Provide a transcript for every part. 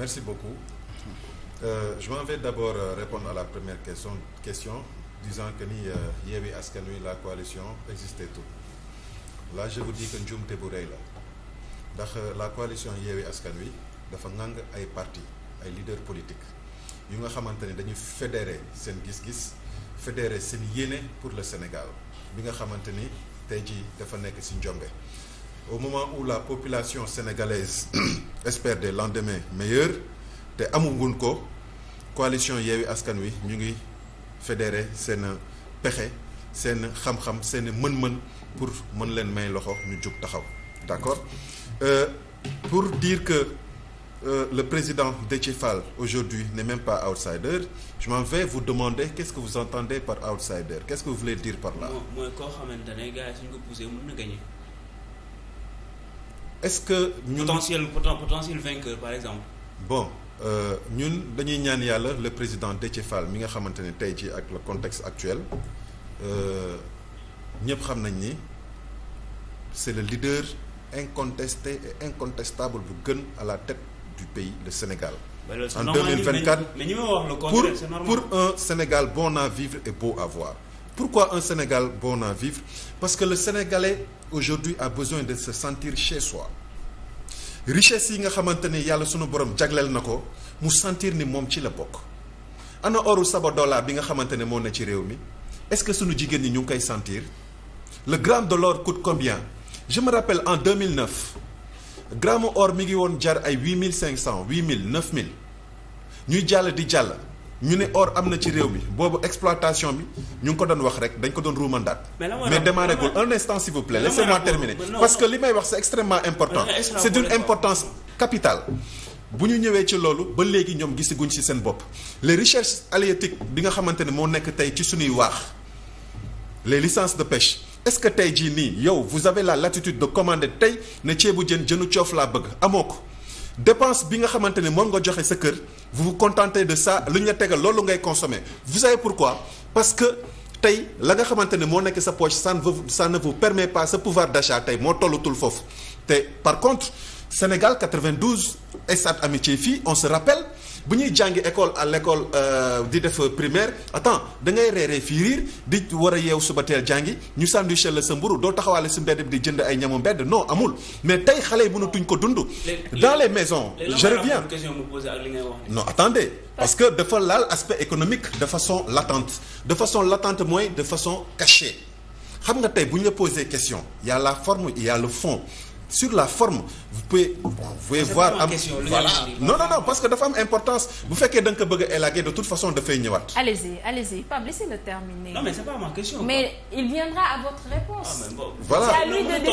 merci beaucoup euh, je m'en vais d'abord euh, la première question question disant que ni euh, Yewwi Askan Wi la coalition existait tout là je vous dis njuumte bu rëy la ndax euh, la coalition Yewwi Askan Wi dafa ŋàng ay parti ay leader politique yu nga xamante ne dañu fédéré seen gis-gis fédéré seen yéene pour le Sénégal bi nga xamante ni tey ci dafa nekk ci njombe au moment où la population sénégalaise espère des lendemains meilleurs te amugun ko coalition Yewwi Askan Wi ñu ngi fédéré seen pexe seen xam-xam seen mën-mën pour mën leen may loxo ñu jug taxaw d'accord euh, pour dire que euh, le président Déthié Fall aujourd'hui n'est même pas outsider je m'en vais vous demander qu'est-ce que vous entendez par outsider qu'est-ce que vous voulez dire par là. mooy koo xamante ne gars yi suñ ko poussé mën na gagner. est-ce que ñun potentiel potentiel vainqueur par exemple. bon euh, ñun dañuy ñaan yàlla le président Déthié Fall mi nga xamante ni tey jii ak le contexte actuel euh, ñëpp xam nañ ni c'est le leader incontesté et incontestable bu gën à la tête du pays le Sénégal. en 2024 mais ñi ma wax le contraire c'est pour pour un Sénégal bon à vivre et beau à Pourquoi un Sénégal bon à vivre? Parce que le Sénégalais aujourd'hui a besoin de se sentir chez soi. richesse yi nga xamante ne yàlla sunu borom jagleel na ko mu sentir ni moom ci la bokk ana oru Sabodala bi nga xamante ne moo na ci réew mi est-ce que sunu jigéen ñi ñu ngi koy sentir le gramme de l'or coûte combien je me rappelle en 2009 gramme or mi ngi woon jar ay 8500 8000 9000 ñuy jàll di jàll. ñu ne or am na ci réew mi boobu exploitation bi ñu ngi ko doon wax rek dañ ko doon ruumandaat mais démarré gul un instant s'il vous plaît laissez-moi terminer parce que li may wax c'est extrêmement important c'est d'une importance capitale bu ñu ñëwee ci loolu ba léegi ñoom gisaguñ ci seen bopp les recherches halieutiques bi nga xamante ne moo nekk tey ci suñuy waax les licences de pêche est-ce que tey jii nii yow vous avez la latitude de commander tey ne ceebu jën jënu coof laa bëgg amoo ko dépense bi nga xamante ne moom nga joxe sa kër vous vous contentez de ça li ñu la tegal loolu ngay consommer vous savez pourquoi parce que tey la nga xamante ne moo nekk sa poche ça ne vous ça ne vous permet pas sa pouvoir d'achat tey moo tollatul foofu te par contre Sénégal 92 Stade Amitié fii on se rappelle bu ñuy jàngi école à l'école euh, di def primaire attends da ngay reeree fii riir di war a yeew suba teel jàngi ñu sandwichal la sa mburu doo taxawaale si mbedd di jënd ay ñamu mbedd non amul mais tey xale yi mënatuñ ko dund dans les maisons je reviens non attendez parce que dafa laal aspect économique de façon latente de façon latente mooy de façon cachée xam nga tey bu ñu la poser question y a la forme il y fond sur la forme vous pouvez vous pouvez voir am voilà non non non parce que dafa am importance bu fekkee danga ko bëgg a élaguer de toute façon dafay ñëwaat. allez-y allez-y Pape laissez-le terminer. non mais c'est pas ma question. mais il viendra à votre réponse. Ah, voilà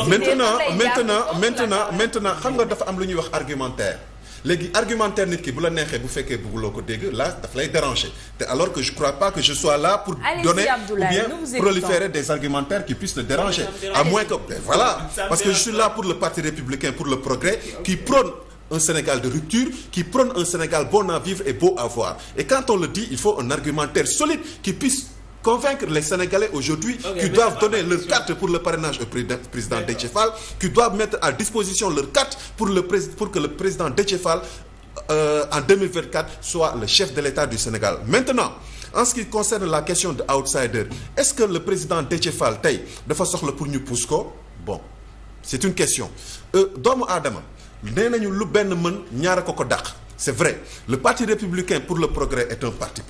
maintenant maintenant maintenant maintenant xam nga dafa am lu ñuy wax argumentaire. léegi argumentaire nit ki bu la neexee bu fekkee bëgguloo ko dégg là daf lay déranger te alors que je crois pas que je sois là pour donner ou bien proliférer des argumentaires qui puissent le déranger à moins que voilà parce que je suis là pour le parti républicain pour le progrès qui prône un Sénégal de rupture qui prône un Sénégal bon à vivre et beau à et quand on le dit il faut un argumentaire solide qui puisse convaincre les Sénégalais aujourd'hui okay, qui doivent donner leur carte pour le parrainage au président Déthié Fall, qui doivent mettre à disposition leur carte pour, le, pour que le président Déthié Fall euh, en 2024 soit le chef de l'État du Sénégal. Maintenant, en ce qui concerne la question de est-ce que le président Déthié Fall tey dafa soxla pour ñu pousse ko bon c'est une question euh, doomu aadama nee nañu lu benn mën ñaar a ko ko dàq c'est vrai le parti républicain pour le progrès parti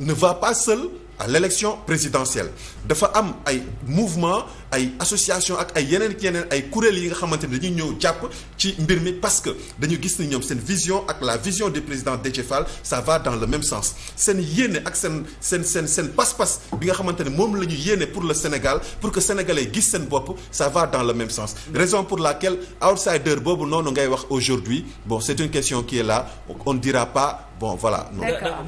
ne va pas seul à l'élection présidentielle dafa am ay mouvement ay association ak ay yeneen ki yeneen ay kuréel yi nga xamante ne dañuy ñëw jàpp ci mbir mi parce que dañu gis ni ñoom seen vision ak la vision du président Déthié Fall ça va dans le même sens seen yéene ak seen seen seen seen pas-pas bi nga xamante ne moom lañu ñu yéene pour le Sénégal pour que sénégalais gis seen bopp ça va dans le même sens raison pour laquelle outsider boobu noonu ngay wax aujourd'hui bon c'est une question qui est là on ne dira pas bon voilà non